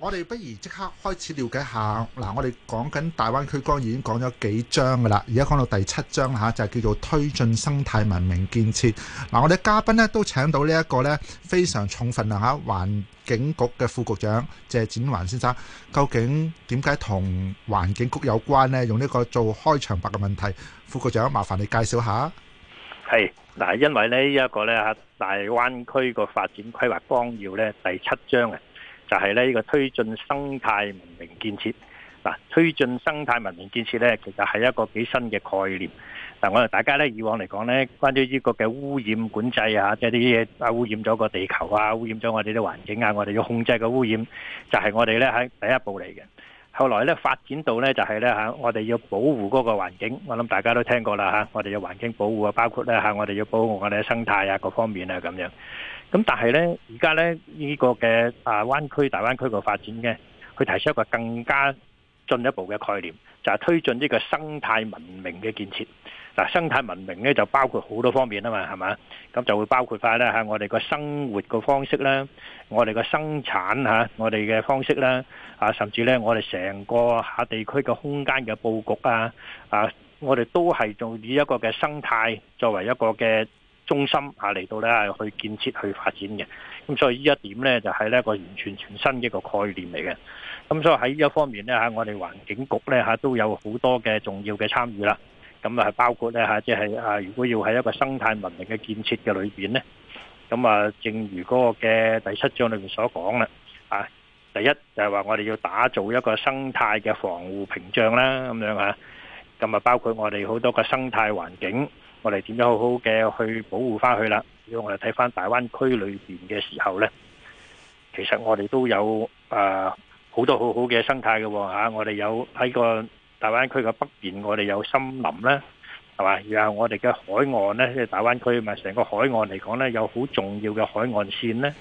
我哋不如即刻開始了解下嗱，我哋講緊《大灣區綱要》已經講咗幾章噶啦，而家講到第七章嚇，就係叫做推進生態文明建設。嗱，我哋嘉賓咧都請到呢一個咧非常重份量嚇環境局嘅副局長謝展寰先生。究竟點解同環境局有關咧？用呢個做開場白嘅問題，副局長麻煩你介紹下。係嗱，因為咧呢一個咧《大灣區個發展規劃綱要》咧第七章啊。就係呢個推進生態文明建設嗱，推進生態文明建設呢，其實係一個幾新嘅概念。嗱，我哋大家咧以往嚟講呢，關於呢個嘅污染管制啊，即係啲嘢啊污染咗個地球啊，污染咗我哋啲環境啊，我哋要控制個污染就係我哋呢喺第一步嚟嘅。後來呢發展到呢，就係呢嚇，我哋要保護嗰個環境。我諗大家都聽過啦嚇，我哋嘅環境保護啊，包括呢嚇，我哋要保護我哋嘅生態啊，各方面啊咁樣。咁但係咧，而家咧呢個嘅啊，灣區大灣區個發展咧，佢提出一個更加進一步嘅概念，就係、是、推進呢個生態文明嘅建設。嗱，生態文明咧就包括好多方面啊嘛，係嘛？咁就會包括返咧喺我哋個生活個方式啦，我哋個生產我哋嘅方式啦，啊，甚至咧我哋成個下地區嘅空間嘅佈局啊，啊，我哋都係做以一個嘅生態作為一個嘅。中心嚇嚟到咧係去建設去發展嘅，咁所以呢一點咧就係咧一個完全全新嘅一個概念嚟嘅。咁所以喺呢一方面咧嚇，我哋環境局咧嚇都有好多嘅重要嘅參與啦。咁啊包括咧嚇即係啊，如果要喺一個生態文明嘅建設嘅裏邊咧，咁啊正如嗰個嘅第七章裏面所講啦，啊第一就係話我哋要打造一個生態嘅防護屏障啦，咁樣嚇。咁啊包括我哋好多嘅生態環境。我哋點樣好好嘅去保護翻佢啦。如果我哋睇翻大灣區裏邊嘅時候呢，其實我哋都有誒、呃、好多好好嘅生態嘅吓。我哋有喺個大灣區嘅北邊，我哋有森林啦，係嘛。然後我哋嘅海岸呢，即係大灣區咪成個海岸嚟講呢，有好重要嘅海岸線呢，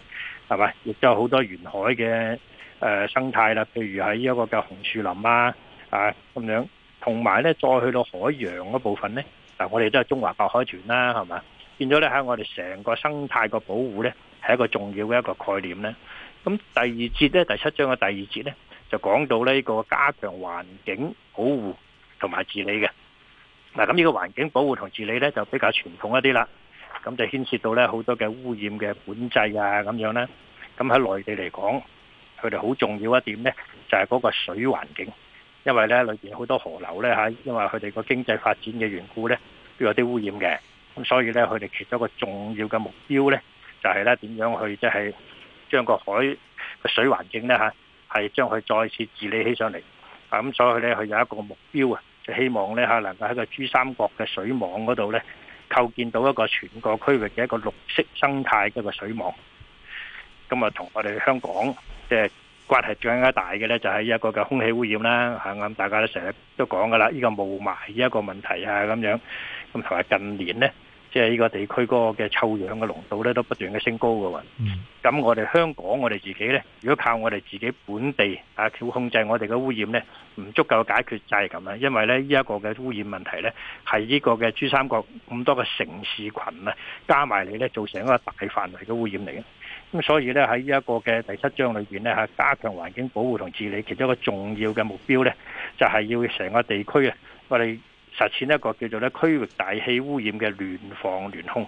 係嘛。亦都有好多沿海嘅誒生態啦，譬如喺一個嘅紅樹林啊，啊咁樣。同埋呢，再去到海洋嗰部分呢。嗱，我哋都係中華白海豚啦，係嘛？變咗咧喺我哋成個生態個保護咧，係一個重要嘅一個概念咧。咁第二節咧第七章嘅第二節咧，就講到呢個加強環境保護同埋治理嘅。嗱，咁呢個環境保護同治理咧就比較傳統一啲啦。咁就牽涉到咧好多嘅污染嘅管制啊，咁樣咧。咁喺內地嚟講，佢哋好重要一點咧，就係嗰個水環境。因為咧，裏邊好多河流咧吓，因為佢哋個經濟發展嘅緣故咧，都有啲污染嘅。咁所以咧，佢哋其中一個重要嘅目標咧，就係咧點樣去即係將個海個水環境咧吓，係將佢再次治理起上嚟。咁所以咧，佢有一個目標啊，就希望咧吓，能夠喺個珠三角嘅水網嗰度咧，構建到一個全國區域嘅一個綠色生態嘅個水網。咁啊，同我哋香港即係。關係最緊緊大嘅咧，就係一個嘅空氣污染啦嚇，咁大家都成日都講噶啦，呢、呢個霧霾呢一個問題啊咁樣，咁同埋近年咧，即係呢個地區嗰個嘅臭氧嘅濃度咧，都不斷嘅升高嘅喎。咁、嗯、我哋香港，我哋自己咧，如果靠我哋自己本地啊去控制我哋嘅污染咧，唔足夠解決就係咁啦。因為咧呢一個嘅污染問題咧，係呢個嘅珠三角咁多嘅城市群啊，加埋你咧造成一個大範圍嘅污染嚟嘅。咁所以咧，喺呢一個嘅第七章裏邊咧吓，加強環境保護同治理，其中一個重要嘅目標咧，就係要成個地區啊，我哋實踐一個叫做咧區域大氣污染嘅聯防聯控，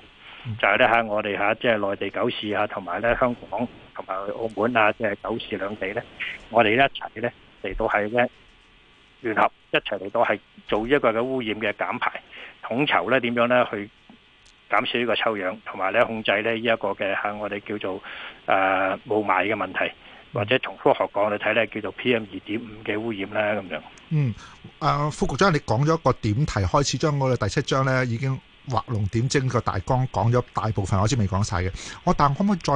就係咧吓，我哋吓即係內地九市啊，同埋咧香港同埋澳門啊，即係九市兩地咧，我哋一齊咧嚟到係咧聯合一齊嚟到係做一個嘅污染嘅減排統籌咧，點樣咧去減少呢個臭氧，同埋咧控制咧呢一個嘅喺我哋叫做誒霧霾嘅問題，或者從科學講嚟睇咧叫做 P.M. 二點五嘅污染咧咁樣。嗯，誒副局長，你講咗一個點題，開始將我哋第七章咧已經畫龍點睛個大綱講咗大部分，我知未講曬嘅。我但可唔可以再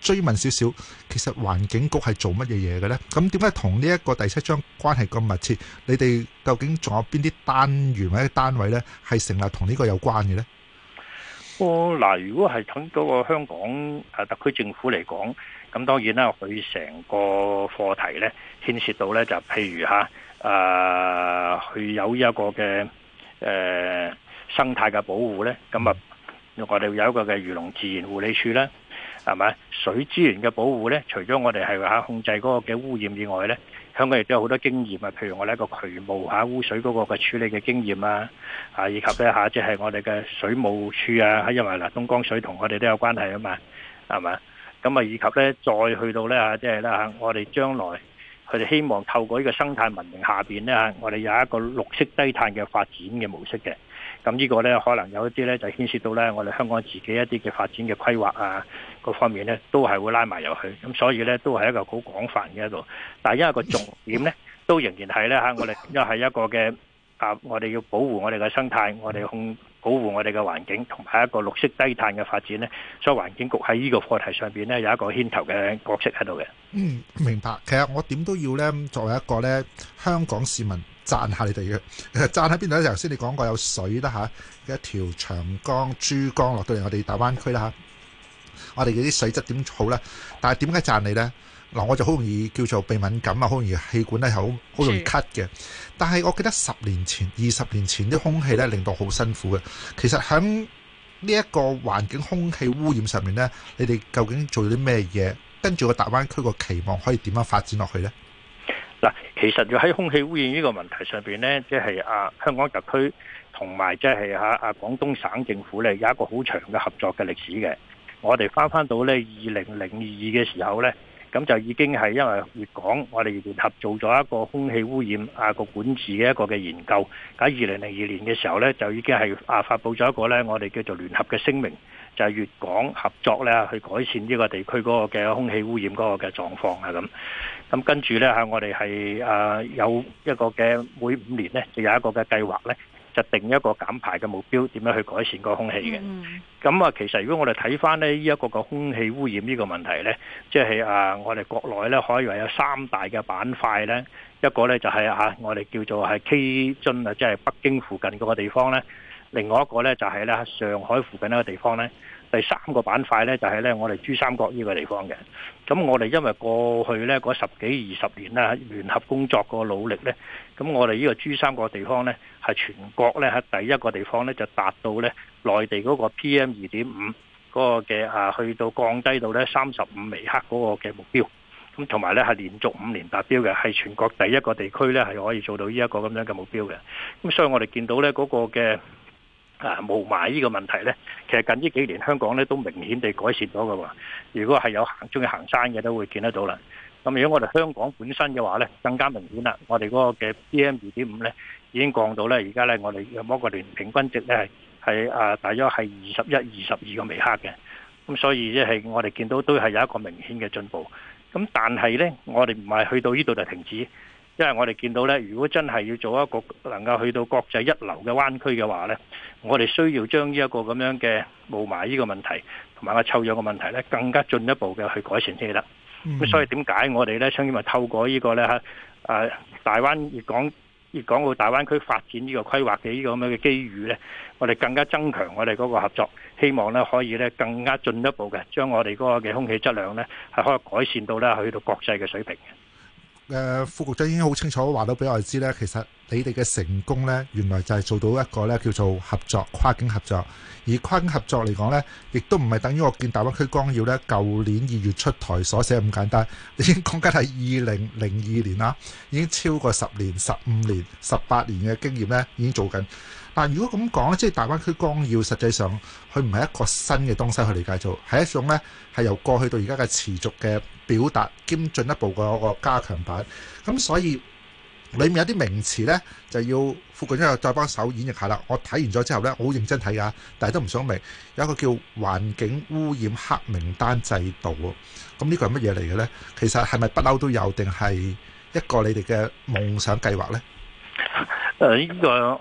追問少少？其實環境局係做乜嘢嘢嘅咧？咁點解同呢一個第七章關係咁密切？你哋究竟仲有邊啲單元或者單位咧係成立同呢個有關嘅咧？嗱、哦，如果係同嗰個香港啊特區政府嚟講，咁當然啦，佢成個課題咧，牽涉到咧就譬如吓，啊，佢有一個嘅誒、啊、生態嘅保護咧，咁啊，我哋有一個嘅漁農自然護理處啦，係咪？水資源嘅保護咧，除咗我哋係話控制嗰個嘅污染以外咧。香港亦都有好多經驗啊，譬如我哋一個渠務吓污水嗰個嘅處理嘅經驗啊，啊以及咧吓即係我哋嘅水務處啊，因為嗱東江水同我哋都有關係啊嘛，係嘛，咁啊以及咧再去到咧吓即係咧吓我哋將來。佢哋希望透過呢個生態文明下邊咧，我哋有一個綠色低碳嘅發展嘅模式嘅。咁呢個咧，可能有一啲咧就牽涉到咧，我哋香港自己一啲嘅發展嘅規劃啊，各方面咧都係會拉埋入去。咁所以咧，都係一個好廣泛嘅一個。但係因為個重點咧，都仍然係咧嚇，我哋因為係一個嘅啊，我哋要保護我哋嘅生態，我哋控。保護我哋嘅環境同埋一個綠色低碳嘅發展咧，所以環境局喺呢個課題上邊咧有一個牽頭嘅角色喺度嘅。嗯，明白。其實我點都要咧，作為一個咧香港市民，讚下你哋嘅。讚喺邊度咧？頭先你講過有水啦吓，啊，一條長江珠江落到嚟我哋大灣區啦吓，我哋嗰啲水質點好咧？但係點解讚你咧？嗱，我就好容易叫做鼻敏感啊，好容易氣管咧，好好容易咳嘅。是但係我記得十年前、二十年前啲空氣咧，令到好辛苦嘅。其實喺呢一個環境空氣污染上面咧，你哋究竟做咗啲咩嘢？跟住個大灣區個期望可以點樣發展落去咧？嗱，其實就喺空氣污染呢個問題上邊咧，即係啊香港特區同埋即係啊啊廣東省政府咧，有一個好長嘅合作嘅歷史嘅。我哋返返到咧二零零二嘅時候咧。咁就已經係因為粵港，我哋聯合做咗一個空氣污染啊個管治嘅一個嘅研究。喺二零零二年嘅時候呢，就已經係啊發布咗一個呢我哋叫做聯合嘅聲明，就係粵港合作呢去改善呢個地區嗰個嘅空氣污染嗰個嘅狀況啊咁。咁跟住呢，我哋係啊有一個嘅每五年呢，就有一個嘅計劃呢。就定一個減排嘅目標，點樣去改善個空氣嘅？咁啊、嗯，其實如果我哋睇翻咧呢一個個空氣污染呢個問題咧，即係啊，我哋國內咧可以話有三大嘅板塊咧，一個咧就係啊，我哋叫做係京津啊，即係北京附近嗰個地方咧，另外一個咧就係咧上海附近一個地方咧。第三個板塊呢，就係呢我哋珠三角呢個地方嘅。咁我哋因為過去呢嗰十幾二十年呢，聯合工作個努力呢，咁我哋呢個珠三角地方呢，係全國呢，係第一個地方呢，就達到呢內地嗰個 PM 二點五嗰個嘅啊，去到降低到呢三十五微克嗰個嘅目標。咁同埋呢，係連續五年達標嘅，係全國第一個地區呢，係可以做到呢一個咁樣嘅目標嘅。咁所以我哋見到呢嗰個嘅。啊，霧霾呢個問題呢，其實近呢幾年香港呢都明顯地改善咗㗎喎。如果係有行中意行山嘅，都會見得到啦。咁如果我哋香港本身嘅話呢，更加明顯啦。我哋嗰個嘅 PM2.5 呢，已經降到呢，而家呢我哋嘅摩個年平均值呢，係係啊，大約係二十一、二十二個微克嘅。咁所以即係我哋見到都係有一個明顯嘅進步。咁但係呢，我哋唔係去到呢度就停止。因為我哋見到咧，如果真係要做一個能夠去到國際一流嘅灣區嘅話咧，我哋需要將呢一個咁樣嘅霧霾呢個問題同埋個臭氧嘅問題咧，更加進一步嘅去改善先得。咁、嗯、所以點解我哋咧，想因為透過呢個咧、啊、大灣，粵港粵港澳大灣區發展呢個規劃嘅呢個咁樣嘅機遇咧，我哋更加增強我哋嗰個合作，希望咧可以咧更加進一步嘅將我哋嗰個嘅空氣質量咧係可以改善到咧去到國際嘅水平。誒、呃、副局長已經好清楚話到俾我哋知咧，其實你哋嘅成功咧，原來就係做到一個咧叫做合作、跨境合作。而跨境合作嚟講咧，亦都唔係等於我見大灣區綱要咧，舊年二月出台所寫咁簡單。你已經講緊係二零零二年啦、啊，已經超過十年、十五年、十八年嘅經驗咧，已經做緊。但如果咁講，即係大灣區綱要實際上佢唔係一個新嘅東西去理解做，係一種咧係由過去到而家嘅持續嘅。表達兼進一步個一個加強版，咁所以裏面有啲名詞呢，就要副局長再幫手演繹下啦。我睇完咗之後呢，我好認真睇啊，但係都唔想明有一個叫環境污染黑名單制度啊。咁呢個係乜嘢嚟嘅呢？其實係咪不嬲都有定係一個你哋嘅夢想計劃咧？誒、啊、呢、這個誒、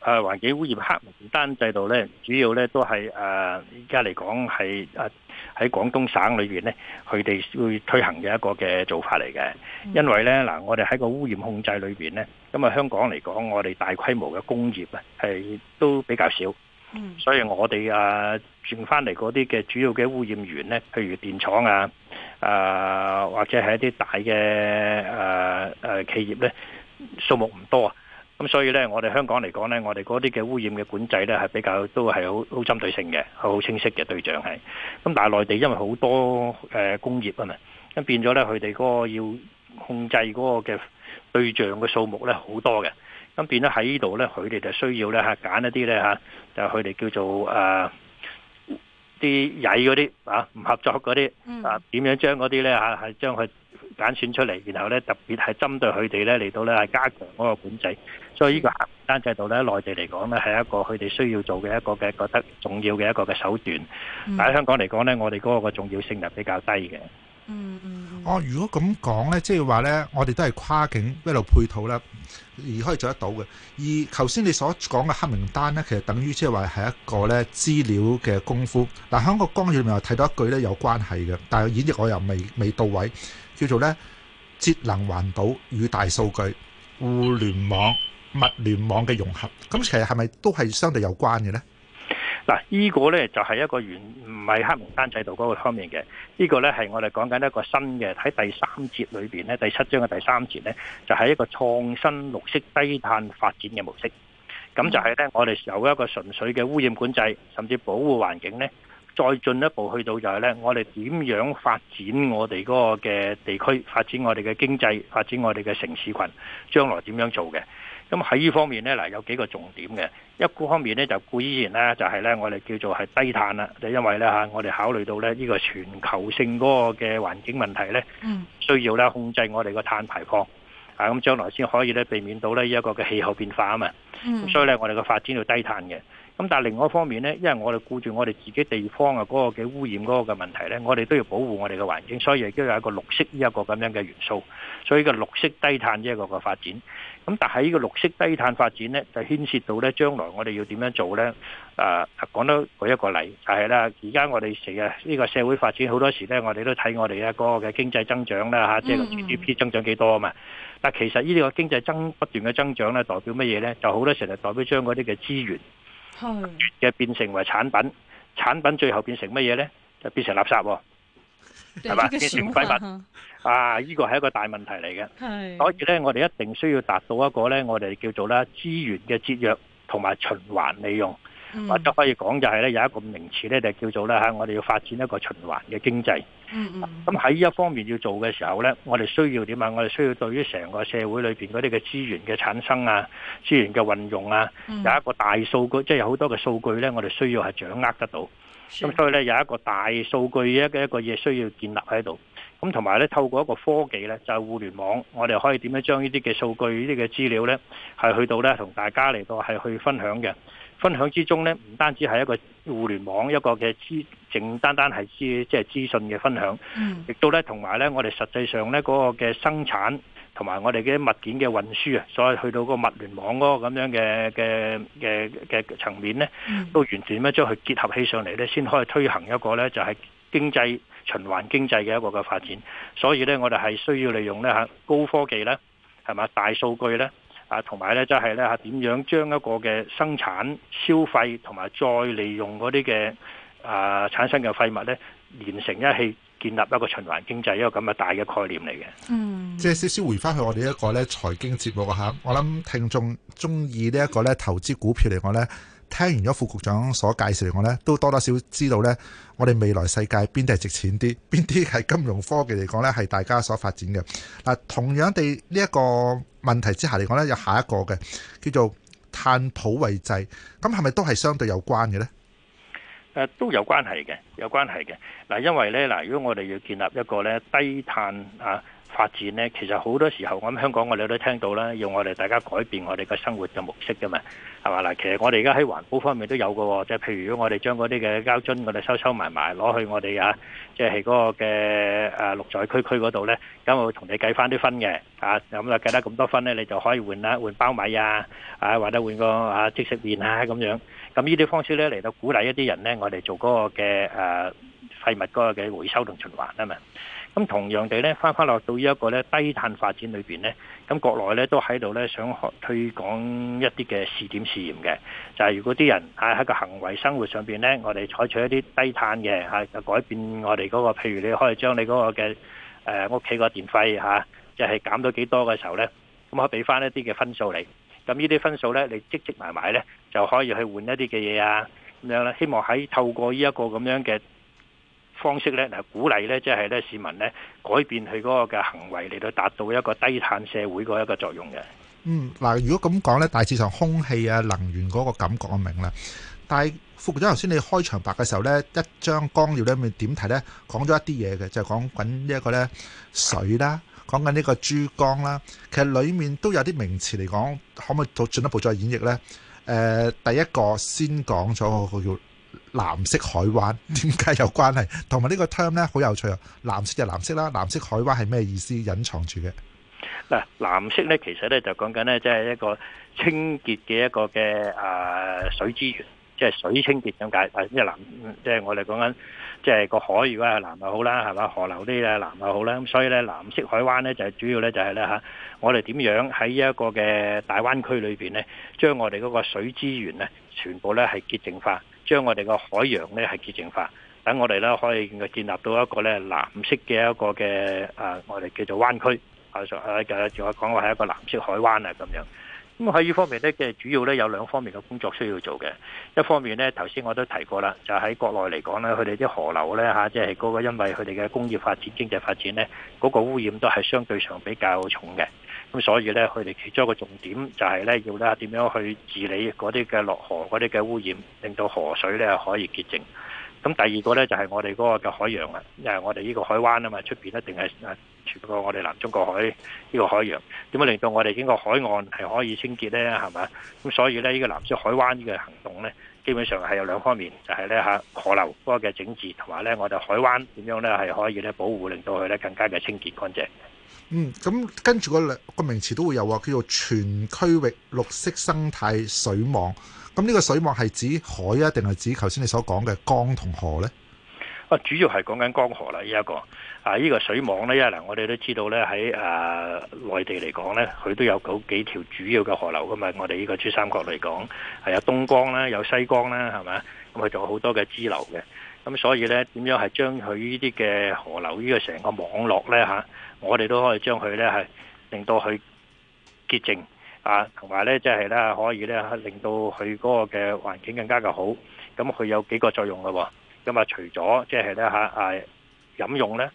啊、環境污染黑名單制度呢，主要呢都係誒而家嚟講係誒。啊喺廣東省裏邊咧，佢哋會推行嘅一個嘅做法嚟嘅，因為咧嗱，我哋喺個污染控制裏邊咧，咁啊香港嚟講，我哋大規模嘅工業啊，係都比較少，所以我哋啊轉翻嚟嗰啲嘅主要嘅污染源咧，譬如電廠啊，誒、啊、或者係一啲大嘅誒誒企業咧，數目唔多。咁所以咧，我哋香港嚟講咧，我哋嗰啲嘅污染嘅管制咧，係比較都係好好針對性嘅，好清晰嘅對象係。咁但係內地因為好多誒工業啊嘛，咁變咗咧佢哋嗰個要控制嗰個嘅對象嘅數目咧好多嘅，咁變咗喺呢度咧，佢哋就需要咧嚇揀一啲咧嚇，就佢哋叫做誒啲曳嗰啲啊唔合作嗰啲啊，點樣將嗰啲咧嚇係將佢。揀選出嚟，然後咧特別係針對佢哋咧嚟到咧係加強嗰個管制，所以依個黑名單制度咧內地嚟講咧係一個佢哋需要做嘅一個嘅覺得重要嘅一個嘅手段，但喺香港嚟講咧我哋嗰個嘅重要性又比較低嘅。嗯嗯，哦，如果咁講咧，即係話咧，我哋都係跨境一路配套啦，而可以做得到嘅。而頭先你所講嘅黑名單咧，其實等於即係話係一個咧資料嘅功夫。嗱，喺個綱要入邊又睇到一句咧有關係嘅，但係演繹我又未未到位。叫做咧節能環保與大數據、互聯網、物聯網嘅融合，咁其實係咪都係相對有關嘅咧？嗱，呢個咧就係一個原唔係黑名單制度嗰個方面嘅，呢、這個咧係我哋講緊一個新嘅喺第三節裏邊咧第七章嘅第三節咧，就係一個創新綠色低碳發展嘅模式。咁就係咧，我哋有一個純粹嘅污染管制，甚至保護環境咧。再進一步去到就係咧，我哋點樣發展我哋嗰個嘅地區，發展我哋嘅經濟，發展我哋嘅城市群，將來點樣做嘅？咁喺呢方面咧，嗱有幾個重點嘅。一個方面咧就固然咧就係咧，我哋叫做係低碳啦，就、嗯、因為咧我哋考慮到咧呢個全球性嗰個嘅環境問題咧，需要咧控制我哋個碳排放啊，咁將來先可以咧避免到呢一個嘅氣候變化啊嘛。咁所以咧，我哋個發展要低碳嘅。咁但係另外一方面咧，因為我哋顧住我哋自己地方啊嗰個嘅污染嗰個嘅問題咧，我哋都要保護我哋嘅環境，所以亦都有一個綠色呢一個咁樣嘅元素。所以個綠色低碳呢一個嘅發展，咁但係呢個綠色低碳發展咧，就牽涉到咧將來我哋要點樣做咧？誒誒，講多舉一個例，就係啦。而家我哋成日呢個社會發展好多時咧，我哋都睇我哋啊嗰個嘅經濟增長啦嚇，即係 GDP 增長幾多啊嘛。嗯嗯但係其實依個經濟增不斷嘅增長咧，代表乜嘢咧？就好多時就代表將嗰啲嘅資源。就嘅變成為產品，產品最後變成乜嘢呢？就變成垃圾，係嘛？變成廢物啊！呢個係一個大問題嚟嘅，所以呢，我哋一定需要達到一個呢，我哋叫做啦資源嘅節約同埋循環利用。或者可以講就係咧有一個名詞咧就叫做咧嚇，我哋要發展一個循環嘅經濟。嗯嗯。咁喺呢一方面要做嘅時候咧，我哋需要點啊？我哋需要對於成個社會裏邊嗰啲嘅資源嘅產生啊、資源嘅運用啊，有一個大數據，即係有好多嘅數據咧，我哋需要係掌握得到。咁所以咧有一個大數據嘅一個嘢需要建立喺度。咁同埋咧透過一個科技咧就係互聯網，我哋可以點樣將呢啲嘅數據呢啲嘅資料咧係去到咧同大家嚟到係去分享嘅。分享之中咧，唔單止係一個互聯網一個嘅資，淨單單係資即係資訊嘅分享，亦都咧同埋咧，我哋實際上咧嗰個嘅生產同埋我哋嘅物件嘅運輸啊，所以去到嗰個物聯網嗰個咁樣嘅嘅嘅嘅層面咧，嗯、都完全咧將佢結合起上嚟咧，先可以推行一個咧就係經濟循環經濟嘅一個嘅發展。所以咧，我哋係需要利用咧嚇高科技咧，係嘛大數據咧。啊，同埋咧，就係咧嚇，點樣將一個嘅生產、消費，同埋再利用嗰啲嘅啊產生嘅廢物咧，連成一氣，建立一個循環經濟，一個咁嘅大嘅概念嚟嘅。嗯，即係少少回翻去我哋一個咧財經節目嚇，我諗聽眾中意呢一個咧投資股票嚟講咧，聽完咗副局長所介紹嚟講咧，都多多少少知道咧，我哋未來世界邊啲係值錢啲，邊啲係金融科技嚟講咧係大家所發展嘅。嗱，同樣地呢一個。問題之下嚟講咧，有下一個嘅叫做碳普惠制，咁係咪都係相對有關嘅咧？誒，都有關係嘅，有關係嘅。嗱，因為咧，嗱，如果我哋要建立一個咧低碳啊，發展咧，其實好多時候，我喺香港我哋都聽到啦，要我哋大家改變我哋嘅生活嘅模式㗎嘛，係嘛嗱？其實我哋而家喺環保方面都有㗎，即係譬如如果我哋將嗰啲嘅膠樽我哋收收埋埋攞去我哋啊，即係嗰個嘅誒綠在區區嗰度咧，咁我同你計翻啲分嘅，啊咁啊計得咁多分咧，你就可以換啦，換包米啊，啊或者換個啊即食麵啊咁樣，咁呢啲方式咧嚟到鼓勵一啲人咧，我哋做嗰個嘅誒啊廢物嗰個嘅回收同循環啊嘛。咁同樣地咧，翻返落到呢一個咧低碳發展裏面咧，咁國內咧都喺度咧想推廣一啲嘅試點試驗嘅，就係、是、如果啲人喺個行為生活上面咧，我哋採取一啲低碳嘅、啊、就改變我哋嗰、那個，譬如你可以將你嗰個嘅誒屋企個電費嚇、啊，就係、是、減到幾多嘅時候咧，咁可以俾翻一啲嘅分數嚟。咁呢啲分數咧你積積埋埋咧就可以去換一啲嘅嘢啊咁樣啦，希望喺透過呢一個咁樣嘅。方式咧嗱，鼓勵咧，即係咧市民咧改變佢嗰個嘅行為嚟到達到一個低碳社會嗰一個作用嘅。嗯，嗱，如果咁講咧，大致上空氣啊、能源嗰個感覺我明啦。但係副局長頭先你開場白嘅時候咧，一張光耀裡面點睇咧，講咗一啲嘢嘅，就係講緊呢一個咧水啦，講緊呢個珠江啦。其實裡面都有啲名詞嚟講，可唔可以再進一步再演繹咧？誒，第一個先講咗個叫。藍色海灣點解有關係？同埋呢個 term 咧好有趣啊！藍色就藍色啦，藍色海灣係咩意思？隱藏住嘅。嗱，藍色咧其實咧就講緊咧即係一個清潔嘅一個嘅誒水資源，即係水清潔咁解啊。即係藍，即係我哋講緊即係個海，如果係藍又好啦，係嘛河流啲啊藍又好啦。咁所以咧藍色海灣咧就係主要咧就係咧吓，我哋點樣喺一個嘅大灣區裏邊咧，將我哋嗰個水資源咧全部咧係潔淨化。將我哋個海洋咧係潔淨化，等我哋咧可以建立到一個咧藍色嘅一個嘅誒，我哋叫做灣區啊，就誒嘅仲講話係一個藍色海灣啊，咁樣。咁喺呢方面咧，嘅主要咧有兩方面嘅工作需要做嘅。一方面咧，頭先我都提過啦，就喺、是、國內嚟講咧，佢哋啲河流咧吓，即係嗰個因為佢哋嘅工業發展、經濟發展咧，嗰、那個污染都係相對上比較重嘅。咁所以咧，佢哋其中一個重點就係咧，要咧點樣去治理嗰啲嘅落河嗰啲嘅污染，令到河水咧可以潔淨。咁第二個咧就係我哋嗰個嘅海洋啊，因為我哋呢個海灣啊嘛，出邊一定係誒全個我哋南中國海呢個海洋，點樣令到我哋整個海岸係可以清潔咧？係咪？咁所以咧，呢個藍色海灣呢個行動咧，基本上係有兩方面，就係咧嚇河流嗰個嘅整治，同埋咧我哋海灣點樣咧係可以咧保護，令到佢咧更加嘅清潔乾淨。嗯，咁跟住兩個名詞都會有話叫做全區域綠色生態水網。咁呢個水網係指海啊，定係指頭先你所講嘅江同河呢？主要係講緊江河啦，呢一個啊，呢個水網呢，因為嗱，我哋都知道呢，喺誒內地嚟講呢，佢都有好幾條主要嘅河流噶嘛。我哋呢個珠三角嚟講，係有東江啦，有西江啦，係咪？咁佢仲有好多嘅支流嘅。咁所以咧，點樣係將佢呢啲嘅河流呢、呢個成個網絡咧嚇、啊？我哋都可以將佢咧係令到佢潔淨啊，同埋咧即係咧可以咧令到佢嗰個嘅環境更加嘅好。咁佢有幾個作用嘅喎、啊。咁啊，除咗即係咧嚇啊，係飲用咧。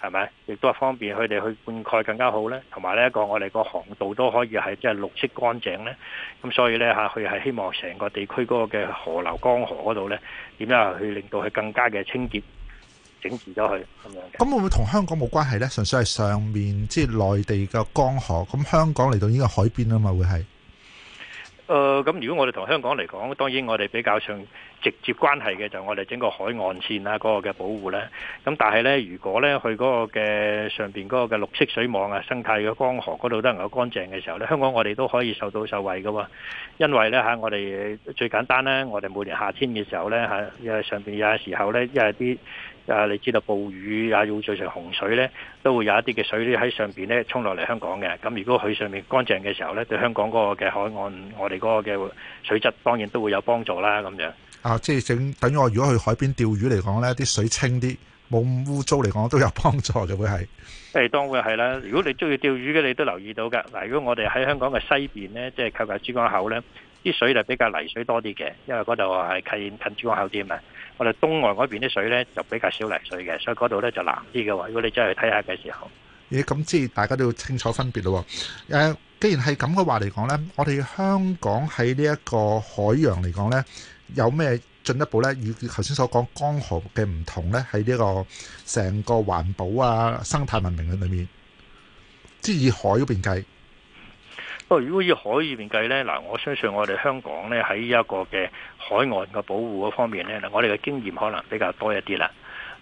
係咪？亦都係方便佢哋去灌溉更加好咧，同埋呢一個我哋個航道都可以係即係綠色乾淨咧。咁所以咧吓，佢係希望成個地區嗰個嘅河流江河嗰度咧，點樣去令到佢更加嘅清潔整治咗佢咁樣。咁會唔會同香港冇關係咧？純粹係上面即係內地嘅江河，咁香港嚟到呢個海邊啊嘛，會係。誒、呃，咁如果我哋同香港嚟講，當然我哋比較上。直接關係嘅就係我哋整個海岸線啊，嗰個嘅保護呢。咁但係呢，如果呢去嗰個嘅上面嗰個嘅綠色水網啊、生態嘅江河嗰度都能夠乾淨嘅時候呢，香港我哋都可以受到受惠㗎喎。因為呢，我哋最簡單呢，我哋每年夏天嘅時候呢，上邊有時候呢，因為啲啊你知道暴雨啊，要造成洪水呢，都會有一啲嘅水呢喺上面呢沖落嚟香港嘅。咁如果佢上面乾淨嘅時候呢，對香港嗰個嘅海岸，我哋嗰個嘅水質當然都會有幫助啦。咁樣。啊，即係整等於我如果去海邊釣魚嚟講呢，啲水清啲，冇污糟嚟講，都有幫助嘅會係。誒，當會係啦。如果你中意釣魚嘅，你都留意到㗎。嗱，如果我哋喺香港嘅西邊咧，即係靠近珠江口呢啲水就比較泥水多啲嘅，因為嗰度係近近珠江口啲啊嘛。我哋東岸嗰邊啲水呢，就比較少泥水嘅，所以嗰度呢就藍啲嘅喎。如果你真係去睇下嘅時候，咦？咁即係大家都要清楚分別咯。誒、啊，既然係咁嘅話嚟講呢，我哋香港喺呢一個海洋嚟講呢。有咩進一步呢？與頭先所講江河嘅唔同呢，喺呢個成個環保啊、生態文明嘅裏面，即係以海嗰邊計。不過如果以海入邊計呢，嗱，我相信我哋香港呢，喺一個嘅海岸嘅保護方面呢，我哋嘅經驗可能比較多一啲啦。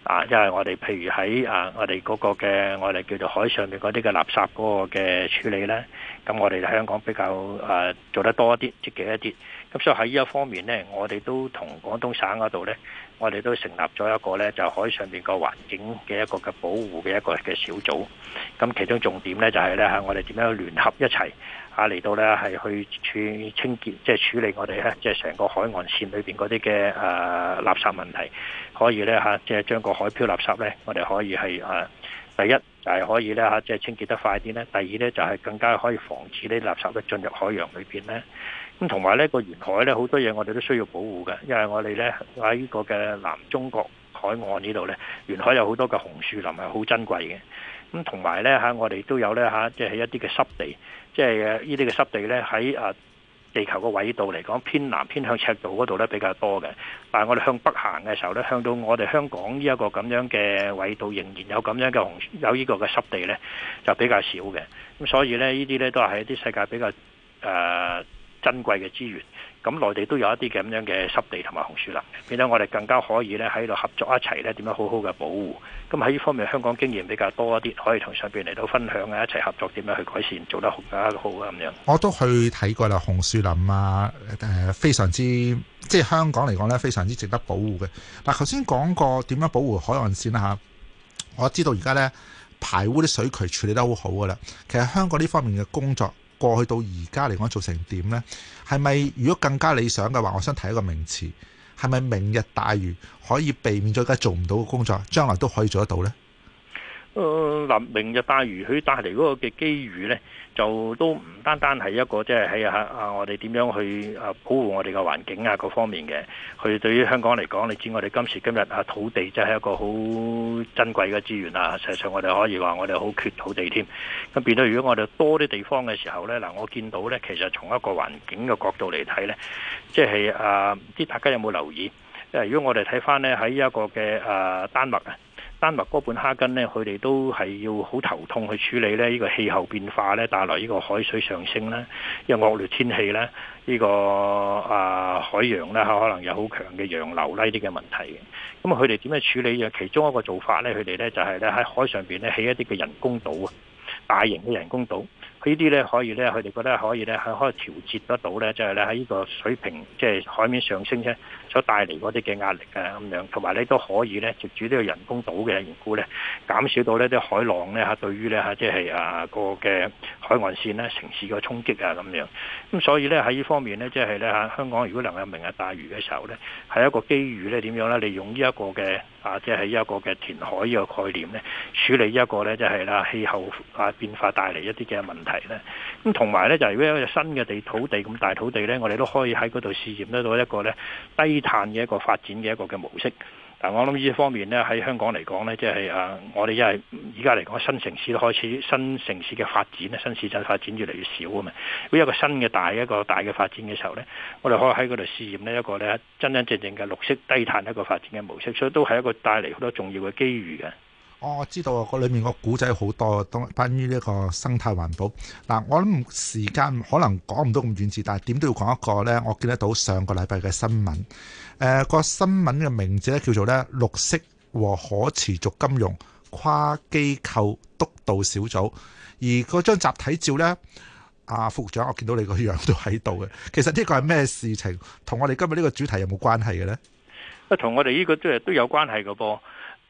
啊，因為我哋譬如喺啊我哋嗰個嘅我哋叫做海上嘅嗰啲嘅垃圾嗰個嘅處理呢，咁我哋香港比較啊做得多一啲，積極一啲。咁所以喺呢一方面呢，我哋都同廣東省嗰度呢，我哋都成立咗一個呢，就海上邊個環境嘅一個嘅保護嘅一個嘅小組。咁其中重點呢，就係呢，嚇，我哋點樣去聯合一齊嚇嚟到呢，係去處清潔，即係處理我哋咧，即係成個海岸線裏邊嗰啲嘅誒垃圾問題。可以呢吓，即係將個海漂垃圾呢，我哋可以係誒、啊、第一就係可以呢吓，即係清潔得快啲呢。第二呢，就係更加可以防止啲垃圾咧進入海洋裏邊呢。咁同埋呢個沿海呢，好多嘢，我哋都需要保護嘅，因為我哋呢，喺個嘅南中國海岸呢度呢，沿海有好多嘅紅樹林係好珍貴嘅。咁同埋呢，我哋都有呢，即係一啲嘅濕地，即係呢啲嘅濕地呢，喺啊地球嘅緯度嚟講，偏南偏向赤道嗰度呢，比較多嘅。但係我哋向北行嘅時候呢，向到我哋香港呢一個咁樣嘅緯度，仍然有咁樣嘅紅有呢個嘅濕地呢，就比較少嘅。咁所以呢，呢啲呢都係一啲世界比較、呃珍貴嘅資源，咁內地都有一啲咁樣嘅濕地同埋紅樹林，變相我哋更加可以咧喺度合作一齊咧，點樣好好嘅保護。咁喺呢方面，香港經驗比較多一啲，可以同上邊嚟到分享啊，一齊合作點樣去改善，做得更加好啊咁樣。我都去睇過啦，紅樹林啊，誒、呃、非常之即係香港嚟講咧，非常之值得保護嘅。嗱頭先講過點樣保護海岸線啦嚇，我知道而家咧排污啲水渠處理得好好噶啦。其實香港呢方面嘅工作。過去到而家嚟講做成點呢？係咪如果更加理想嘅話，我想提一個名詞，係咪明日大嶼可以避免咗而家做唔到嘅工作，將來都可以做得到呢？誒嗱、呃，明日大嶼佢帶嚟嗰個嘅機遇呢，就都唔單單係一個即係喺啊，就是、我哋點樣去啊保護我哋嘅環境啊各方面嘅。佢對於香港嚟講，你知我哋今時今日啊土地真係一個好珍貴嘅資源啦。實際上我哋可以話我哋好缺土地添。咁變到如果我哋多啲地方嘅時候呢，嗱我見到呢，其實從一個環境嘅角度嚟睇呢，即、就、係、是、唔知大家有冇留意？即係如果我哋睇翻呢，喺一個嘅啊丹麥啊。丹麥哥本哈根呢，佢哋都係要好頭痛去處理咧呢個氣候變化咧帶來呢個海水上升啦，又、呢個、惡劣天氣咧，呢、呢個啊海洋咧可能有好強嘅洋流呢啲嘅問題嘅。咁啊，佢哋點樣處理？其中一個做法呢？佢哋呢就係咧喺海上邊咧起一啲嘅人工島啊，大型嘅人工島。大型嘅人工島呢啲咧可以咧，佢哋覺得可以咧，係可以調節得到咧，即係咧喺呢個水平，即係海面上升咧，所帶嚟嗰啲嘅壓力啊咁樣，同埋咧都可以咧，藉住呢個人工島嘅緣故咧，減少到呢啲海浪咧嚇對於咧嚇即係啊個嘅海岸線咧城市個衝擊啊咁樣。咁所以咧喺呢方面咧，即係咧嚇香港如果能夠明日大嶼嘅時候咧，係一個機遇咧點樣咧，利用呢一個嘅。啊，即係依一個嘅填海依個概念呢，處理一個呢，就係啦氣候啊變化帶嚟一啲嘅問題呢，咁同埋呢，就如果有新嘅地土地咁大土地呢，我哋都可以喺嗰度試驗得到一個呢，低碳嘅一個發展嘅一個嘅模式。嗱，我諗呢一方面咧，喺香港嚟講咧，即係誒，我哋因為而家嚟講新城市開始，新城市嘅發展咧，新市鎮發展越嚟越少啊嘛。如果一個新嘅大一個大嘅發展嘅時候咧，我哋可以喺嗰度試驗呢一個咧真真正正嘅綠色低碳一個發展嘅模式，所以都係一個帶嚟好多重要嘅機遇嘅。我、哦、知道個裏面個古仔好多，當關於呢個生態環保。嗱、啊，我諗時間可能講唔到咁遠字，但係點都要講一個呢。我見得到上個禮拜嘅新聞，誒、呃個新聞嘅名字咧叫做咧綠色和可持續金融跨機構督導小組。而嗰張集體照呢，阿、啊、副局長，我見到你個樣都喺度嘅。其實呢個係咩事情？同我哋今日呢個主題有冇關係嘅呢？同我哋呢個即係都有關係嘅噃。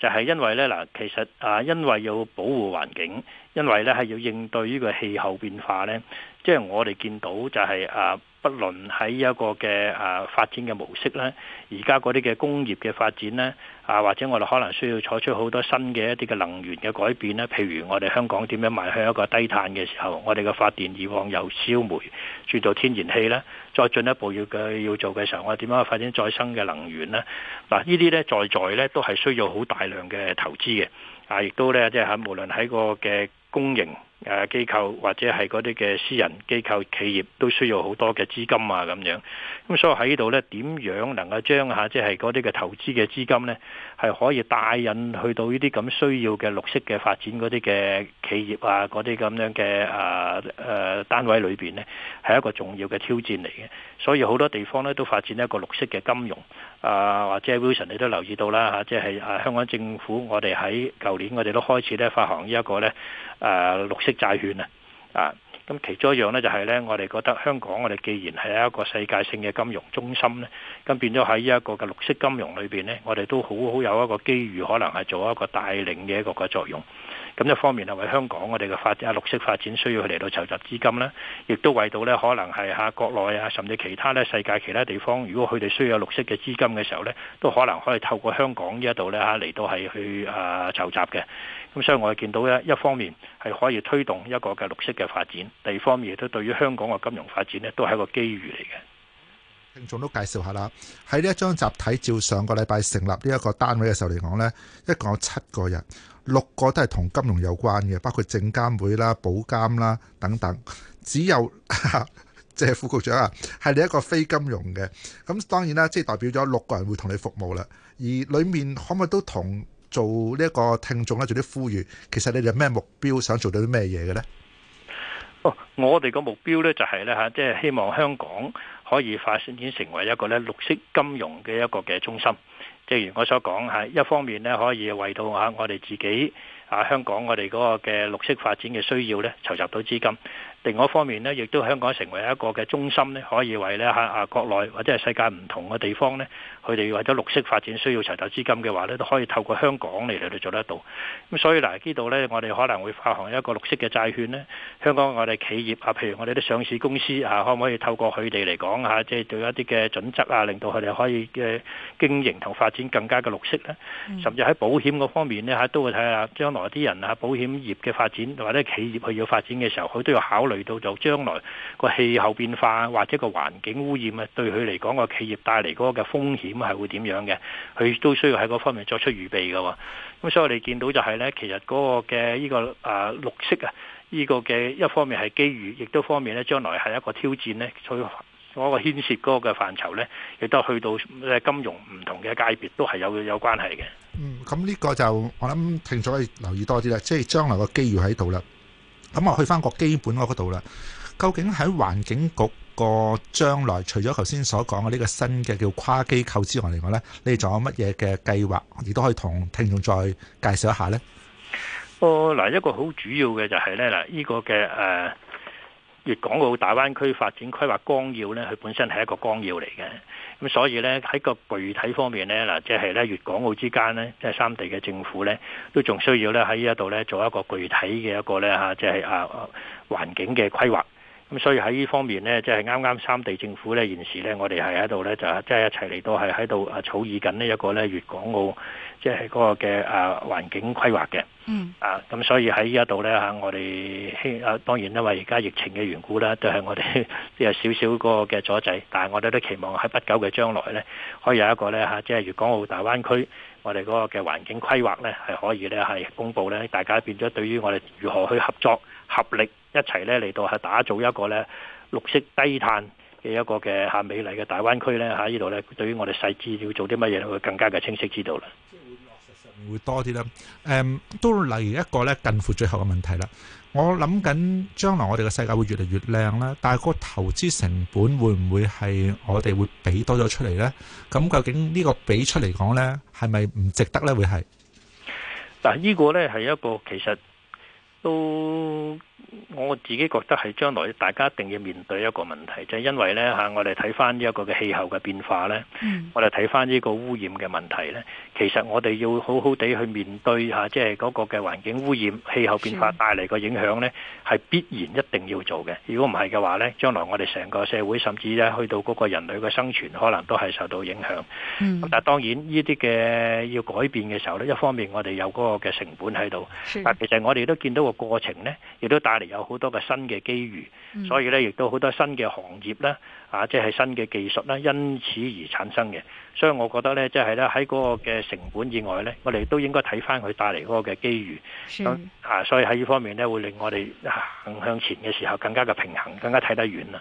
就係因為咧，嗱，其實啊，因為要保護環境，因為咧係要應對呢個氣候變化咧，即係我哋見到就係啊。不論喺一個嘅誒發展嘅模式咧，而家嗰啲嘅工業嘅發展咧，啊或者我哋可能需要採取好多新嘅一啲嘅能源嘅改變咧，譬如我哋香港點樣邁向一個低碳嘅時候，我哋嘅發電以往由燒煤轉到天然氣咧，再進一步要嘅要做嘅時候，我哋點樣發展再生嘅能源咧？嗱，呢啲咧在在咧都係需要好大量嘅投資嘅，啊，亦都咧即係喺無論喺個嘅供應。誒機構或者係嗰啲嘅私人機構、企業都需要好多嘅資金啊咁樣，咁所以喺呢度呢，點樣能夠將下即係嗰啲嘅投資嘅資金呢，係可以帶引去到呢啲咁需要嘅綠色嘅發展嗰啲嘅企業啊，嗰啲咁樣嘅誒誒單位裏邊呢，係一個重要嘅挑戰嚟嘅。所以好多地方呢都發展一個綠色嘅金融啊，或者 Wilson 你都留意到啦嚇，即係啊，香港政府我哋喺舊年我哋都開始咧發行呢一個呢誒綠。息債券啊，啊，咁其中一樣咧就係咧，我哋覺得香港我哋既然係一個世界性嘅金融中心咧，咁變咗喺呢一個嘅綠色金融裏邊咧，我哋都好好有一個機遇，可能係做一個帶領嘅一個嘅作用。咁一方面係為香港我哋嘅發啊綠色發展需要嚟到籌集資金啦，亦都為到咧可能係吓國內啊，甚至其他咧世界其他地方，如果佢哋需要綠色嘅資金嘅時候咧，都可能可以透過香港呢一度咧吓嚟到係去啊籌集嘅。咁所以我哋見到咧一方面係可以推動一個嘅綠色嘅發展，第二方面亦都對於香港嘅金融發展咧都係一個機遇嚟嘅。聽眾都介紹下啦，喺呢一張集體照上個禮拜成立呢一個單位嘅時候嚟講咧，一共有七個人。六個都係同金融有關嘅，包括證監會啦、保監啦等等。只有即 謝副局長啊，係你一個非金融嘅。咁當然啦，即係代表咗六個人會同你服務啦。而裡面可唔可以都同做呢一個聽眾咧做啲呼籲？其實咧，你哋有咩目標想做到啲咩嘢嘅咧？哦，我哋個目標咧就係咧嚇，即係希望香港可以發展成為一個咧綠色金融嘅一個嘅中心。正如我所講，係一方面咧，可以為到吓我哋自己啊，香港我哋嗰個嘅綠色發展嘅需要咧，籌集到資金。另外一方面呢，亦都香港成為一個嘅中心呢，可以為呢吓啊國內或者係世界唔同嘅地方呢，佢哋為咗綠色發展需要籌集資金嘅話呢，都可以透過香港嚟嚟到做得到。咁所以嗱，呢度呢，我哋可能會發行一個綠色嘅債券呢，香港我哋企業啊，譬如我哋啲上市公司啊，可唔可以透過佢哋嚟講嚇，即係對一啲嘅準則啊，令到佢哋可以嘅經營同發展更加嘅綠色呢，嗯、甚至喺保險嗰方面呢，吓都會睇下將來啲人啊保險業嘅發展或者企業佢要發展嘅時候，佢都要考慮。去到就將來個氣候變化或者個環境污染啊，對佢嚟講個企業帶嚟嗰個嘅風險係會點樣嘅？佢都需要喺嗰方面作出預備嘅喎。咁所以我哋見到就係、是、呢，其實嗰個嘅呢個綠色啊，呢、這個嘅一方面係機遇，亦都方面呢，將來係一個挑戰呢，所以嗰個牽涉嗰個嘅範疇呢，亦都去到金融唔同嘅界別都係有有關係嘅。嗯，咁呢個就我諗停咗，留意多啲啦，即、就、係、是、將來個機遇喺度啦。咁我去翻個基本嗰度啦。究竟喺環境局個將來，除咗頭先所講嘅呢個新嘅叫跨機構之外嚟講呢，你仲有乜嘢嘅計劃，亦都可以同聽眾再介紹一下呢？哦，嗱，一個好主要嘅就係呢。嗱，呢個嘅誒，粵港澳大灣區發展規劃綱要呢，佢本身係一個綱要嚟嘅。咁所以咧，喺個具體方面咧，嗱，即係咧粵港澳之間咧，即係三地嘅政府咧，都仲需要咧喺呢一度咧做一個具體嘅一個咧嚇，即係啊環境嘅規劃。咁所以喺呢方面呢，即係啱啱三地政府呢，現時呢，我哋係喺度呢，就即係一齊嚟到係喺度啊草擬緊呢一個呢粵港澳即係嗰個嘅啊環境規劃嘅。嗯。啊，咁所以喺呢一度呢，吓，我哋希啊當然因為而家疫情嘅緣故咧，都係我哋都有少少嗰個嘅阻滯。但係我哋都期望喺不久嘅將來呢，可以有一個呢，吓，即係粵港澳大灣區，我哋嗰個嘅環境規劃呢，係可以呢，係公布呢，大家變咗對於我哋如何去合作合力。一齊咧嚟到係打造一個咧綠色低碳嘅一個嘅吓美麗嘅大灣區咧吓，呢度咧，對於我哋細緻要做啲乜嘢，會更加嘅清晰知道啦。會多啲啦，誒、嗯,都例如一個咧近乎最後嘅問題啦。我諗緊將來我哋嘅世界會越嚟越靚啦，但係個投資成本會唔會係我哋會俾多咗出嚟咧？咁究竟呢個俾出嚟講咧，係咪唔值得咧？會係嗱呢個咧係一個其實都。我自己覺得係將來大家一定要面對一個問題，就係因為呢吓，我哋睇返呢一個嘅氣候嘅變化呢，我哋睇返呢個污染嘅問題呢，其實我哋要好好地去面對吓，即係嗰個嘅環境污染、氣候變化帶嚟嘅影響呢，係必然一定要做嘅。如果唔係嘅話呢，將來我哋成個社會甚至呢去到嗰個人類嘅生存，可能都係受到影響。咁但係當然呢啲嘅要改變嘅時候呢，一方面我哋有嗰個嘅成本喺度，但係其實我哋都見到個過程呢，亦都大。帶嚟有好多嘅新嘅機遇，所以咧亦都好多新嘅行業啦，啊，即係新嘅技術啦，因此而產生嘅。所以我覺得咧，即係咧喺嗰個嘅成本以外咧，我哋都應該睇翻佢帶嚟嗰個嘅機遇。咁啊，所以喺呢方面咧，會令我哋行向前嘅時候更加嘅平衡，更加睇得遠啦。